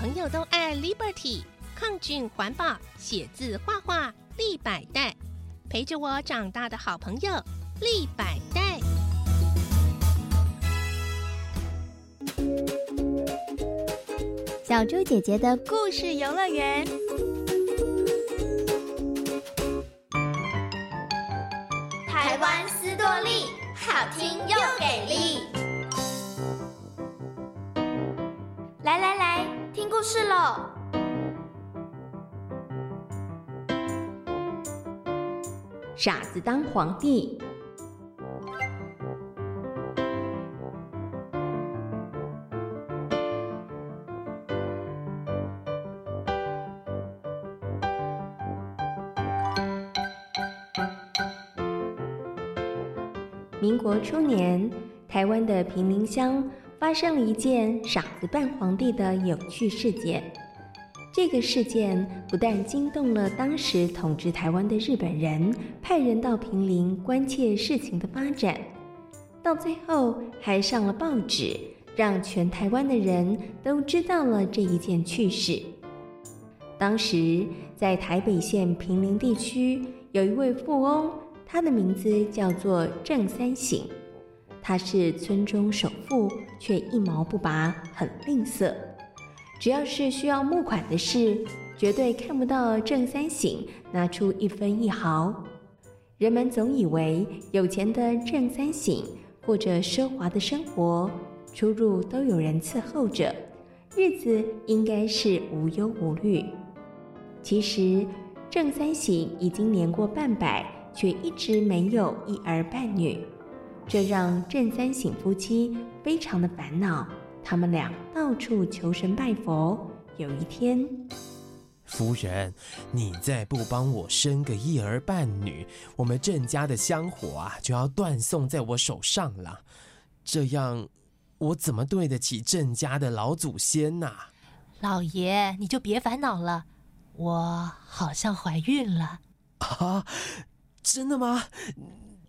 朋友都愛 Liberty，抗菌環保，寫字畫畫，利百代，陪着我長大的好朋友，利百代。小豬姐姐的故事遊樂園。傻子當皇帝。民國初年，台灣的平林鄉發生了一件傻子扮皇帝的有趣事件。這個事件不但驚動了當時統治台灣的日本人，派人到坪林關切事情的發展，到最後還上了報紙，讓全台灣的人都知道了這一件趣事。當時在台北縣坪林地區有一位富翁，他的名字叫做鄭三省，他是村中首富，卻一毛不拔，很吝嗇。只要是需要募款的事，絕對看不到鄭三省拿出一分一毫。人們總以為有錢的鄭三省過着奢華的生活，出入都有人伺候着，日子應該是無憂無慮。其實，鄭三省已經年過半百，卻一直沒有一兒半女，這讓鄭三省夫妻非常的煩惱。他們倆到處求神拜佛。有一天，夫人，你再不幫我生個一兒半女，我們鄭家的香火啊就要斷送在我手上了。這樣，我怎麼對得起鄭家的老祖先吶，啊？老爺，你就別煩惱了，我好像懷孕了。啊，真的嗎？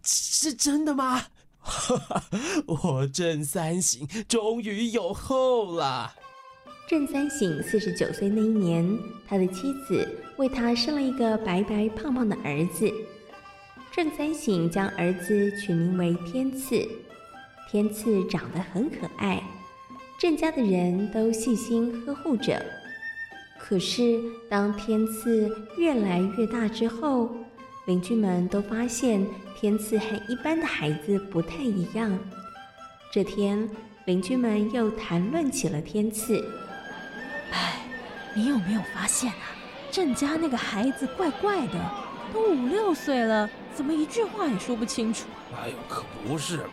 是真的嗎？哈哈，我鄭三省終於有後了。鄭三省四十九歲那一年，他的妻子為他生了一個白白胖胖的兒子。鄭三省將兒子取名為天賜，天賜長得很可愛，鄭家的人都細心呵護着。可是，當天賜越來越大之後，鄰居們都發現天賜和一般的孩子不太一樣。這天，鄰居們又談論起了天賜。哎，你有沒有發現啊？鄭家那個孩子怪怪的，都五六歲了，怎麼一句話也說不清楚？哎呦，可不是嘛，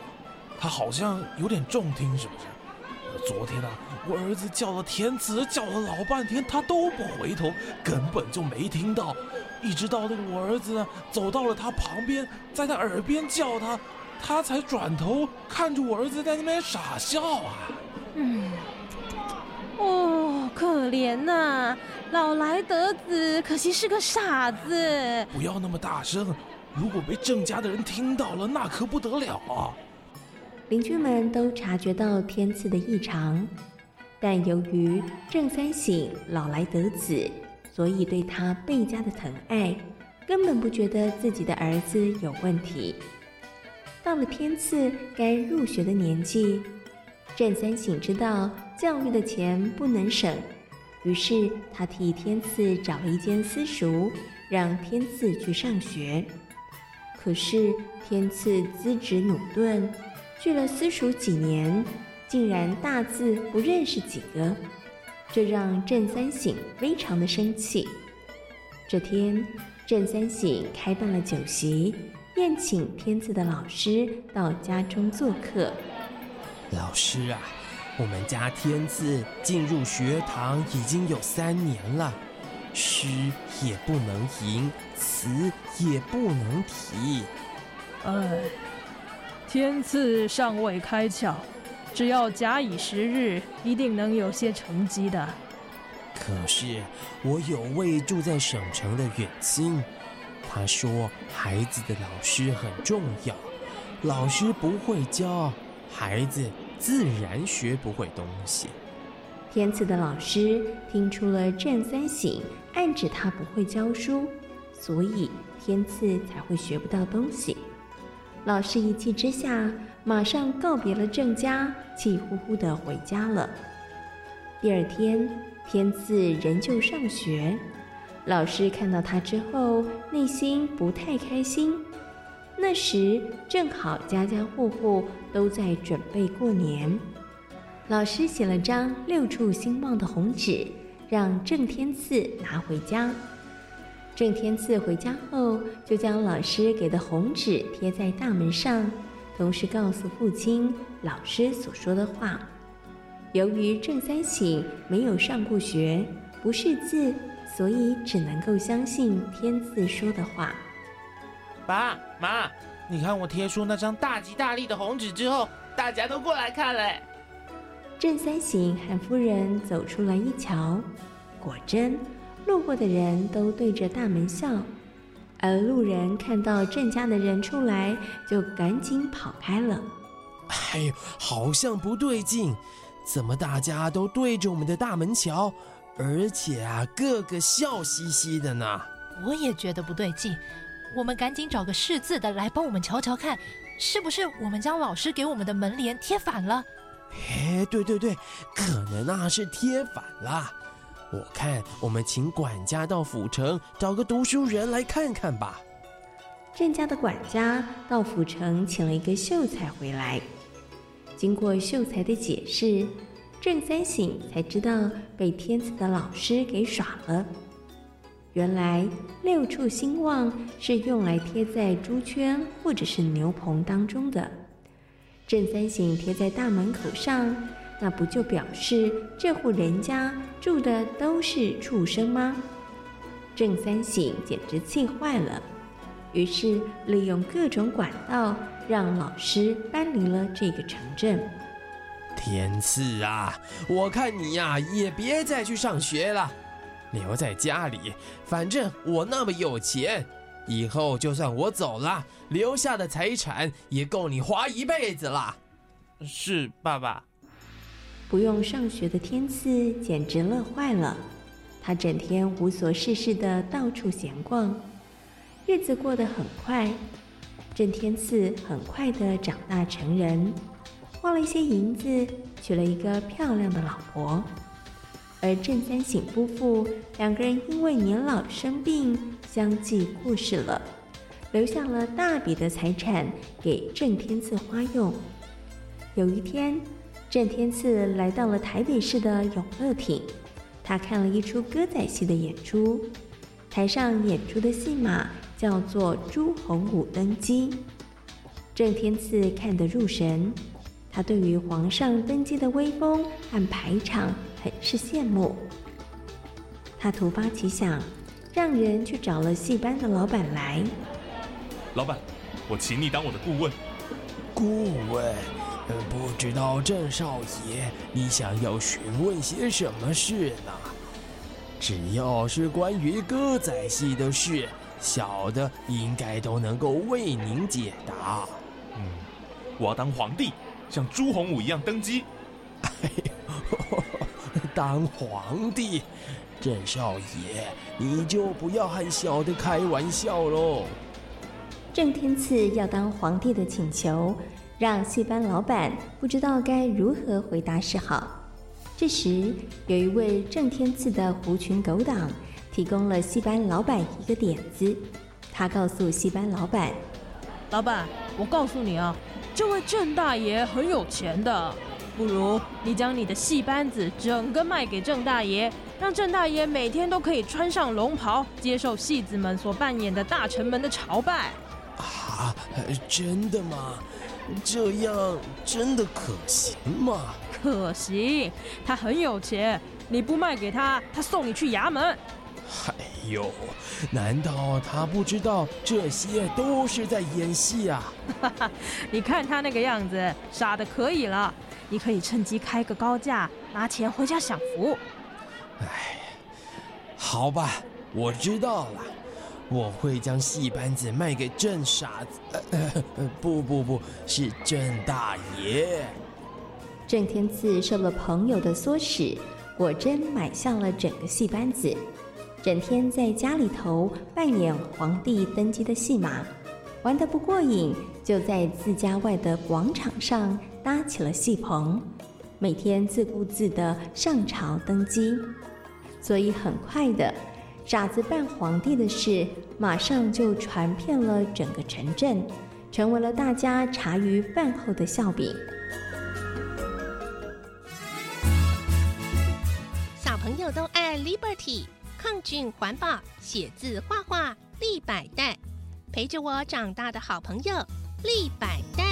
他好像有點重聽，是不是？昨天呢、啊？我兒子叫了天賜，叫了老半天，他都不回頭，根本就沒聽到。一直到那個我兒子走到了他旁邊，在他耳邊叫他，他才轉頭看着我兒子在那邊傻笑啊。嗯，哦，可憐吶，啊，老來得子，可惜是個傻子。不要那麼大聲，如果被鄭家的人聽到了，那可不得了啊。鄰居們都察覺到天賜的異常。但由於鄭三省老來得子，所以對他倍加的疼愛，根本不覺得自己的兒子有問題。到了天賜該入學的年紀，鄭三省知道教育的錢不能省，於是他替天賜找了一間私塾，讓天賜去上學。可是天賜資質駑鈍，去了私塾幾年，竟然大字不認識幾個，這讓鄭三省非常的生氣。這天，鄭三省開辦了酒席，宴請天賜的老師到家中做客。老師啊，我們家天賜進入學堂已經有三年了，詩也不能吟，詞也不能提。哎、呃，天賜尚未開竅。只要假以時日，一定能有些成績的。可是我有位住在省城的遠親，他說孩子的老師很重要，老師不會教，孩子自然學不會東西。天賜的老師聽出了鄭三省，暗指他不會教書，所以天賜才會學不到東西。老師一氣之下，馬上告別了鄭家，氣呼呼地回家了。第二天，天賜仍舊上學，老師看到他之後，內心不太開心。那時正好家家戶戶都在準備過年，老師寫了張“六畜興旺”的紅紙，讓鄭天賜拿回家。鄭天賜回家後，就將老師給的紅紙貼在大門上，同時告訴父親老師所說的話。由於鄭三省沒有上過學，不識字，所以只能夠相信天賜說的話。爸媽，媽，你看我貼出那張大吉大利的紅紙之後，大家都過來看嘞。鄭三省和夫人走出來一瞧，果真。路過的人都對着大門笑，而路人看到鄭家的人出來，就趕緊跑開了。哎呦，好像不對勁，怎麼大家都對着我們的大門瞧，而且啊，個個笑嘻嘻的呢？我也覺得不對勁，我們趕緊找個識字的來幫我們瞧瞧看，是不是我們將老師給我們的門簾貼反了？哎，對對對，可能啊是貼反了。我看，我們請管家到府城找個讀書人來看看吧。鄭家的管家到府城請了一個秀才回來，經過秀才的解釋，鄭三省才知道被天才的老師給耍了。原來六畜興旺是用來貼在豬圈或者是牛棚當中的，鄭三省貼在大門口上，那不就表示這戶人家住的都是畜生嗎？鄭三省簡直氣壞了，於是利用各種管道讓老師搬離了這個城鎮。天賜啊，我看你呀，啊，也別再去上學了，留在家裡，反正我那麼有錢，以後就算我走了，留下的財產也夠你花一輩子了。是，爸爸。不用上學的天賜簡直樂壞了，他整天無所事事的到處閒逛，日子過得很快。鄭天賜很快的長大成人，花了一些銀子，娶了一個漂亮的老婆。而鄭三省夫婦兩個人因為年老生病，相繼過世了，留下了大筆的財產給鄭天賜花用。有一天。鄭天賜來到了台北市的永樂町，他看了一出歌仔戲的演出。台上演出的戲碼叫做《朱洪武登基》，鄭天賜看得入神。他對於皇上登基的威風和排場很是羨慕。他突發奇想，讓人去找了戲班的老闆來。老闆，我請你當我的顧問。顧問？不知道鄭少爺，你想要詢問些什麼事呢？只要是關於歌仔戲的事，小的應該都能夠為您解答。嗯，我要當皇帝，像朱洪武一樣登基。哎、呵呵，當皇帝，鄭少爺，你就不要和小的開玩笑嘍。鄭天賜要當皇帝的請求。讓戲班老板不知道該如何回答是好。這時，有一位鄭天賜的狐群狗黨提供了戲班老板一個點子。他告訴戲班老板：“老板，我告訴你啊，這位鄭大爺很有錢的，不如你將你的戲班子整個賣給鄭大爺，讓鄭大爺每天都可以穿上龍袍，接受戲子們所扮演的大臣們的朝拜。”啊，真的嗎？這樣真的可行嗎？可行，他很有錢，你不賣給他，他送你去衙門。哎呦，難道他不知道這些都是在演戲啊？ 你看他那個樣子，傻得可以了。你可以趁機開個高價，拿錢回家享福。哎，好吧，我知道了。我會將戲班子賣給鄭傻子、呃，呃、不不不，是鄭大爺。鄭天賜受了朋友的唆使，果真買下了整個戲班子，整天在家裡頭扮演皇帝登基的戲碼，玩得不過癮，就在自家外的廣場上搭起了戲棚，每天自顧自的上朝登基，所以很快的。傻子扮皇帝的事，馬上就傳遍了整個城鎮，成為了大家茶餘飯後的笑柄。小朋友都愛 Liberty，抗菌環保，寫字畫畫，立百代，陪着我長大的好朋友，立百代。